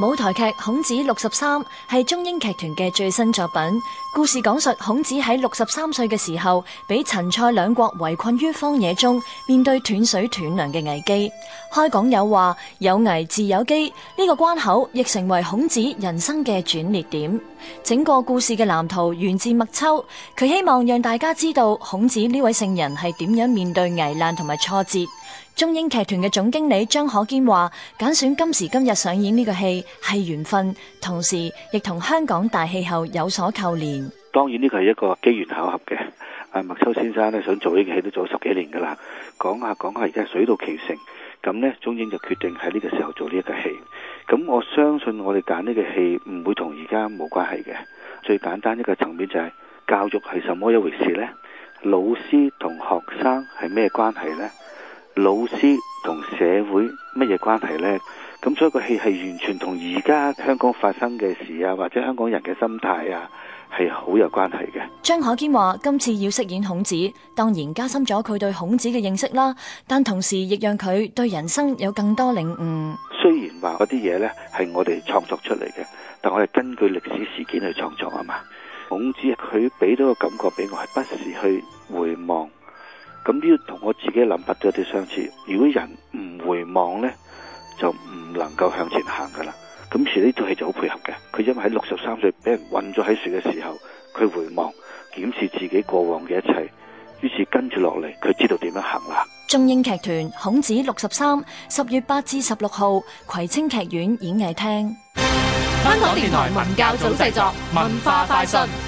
舞台劇《孔子六十三》係中英劇團嘅最新作品，故事講述孔子喺六十三歲嘅時候，被陳蔡兩國圍困於荒野中，面對斷水斷糧嘅危機。開講有話有危自有機，呢個關口亦成為孔子人生嘅轉捩點。整個故事嘅藍圖源自麥秋，佢希望讓大家知道孔子呢位聖人係點樣面對危難同埋挫折。中英劇團嘅總經理張可堅話：揀選今時今日上演呢個戲係緣分，同時亦同香港大氣候有所扣連。當然呢個係一個機緣巧合嘅。阿麥秋先生咧的想做呢個戲都做咗十幾年噶啦，講下講下而家水到渠成。咁呢中英就決定喺呢個時候做呢一個戲。咁我相信我哋揀呢個戲唔會同而家冇關係嘅。最簡單一個層面就係、是、教育係什麼一回事呢？老師同學生係咩關係呢？老師同社會乜嘢關係呢？咁所以個戲係完全同而家香港發生嘅事啊，或者香港人嘅心態啊，係好有關係嘅。張可堅話：今次要飾演孔子，當然加深咗佢對孔子嘅認識啦，但同時亦讓佢對人生有更多領悟。雖然話嗰啲嘢呢係我哋創作出嚟嘅，但我係根據歷史事件去創作啊嘛。孔子佢俾到個感覺俾我，係不時去回望。咁呢，同我自己諗法都有啲相似。如果人唔回望咧，就唔能夠向前行噶啦。咁所以呢套戲就好配合嘅。佢因為喺六十三歲俾人韞咗喺樹嘅時候，佢回望檢視自己過往嘅一切，於是跟住落嚟，佢知道點樣行啦。中英劇團《孔子六十三》，十月八至十六號，葵青劇院演藝廳，香港電台文教組製作，文化快訊。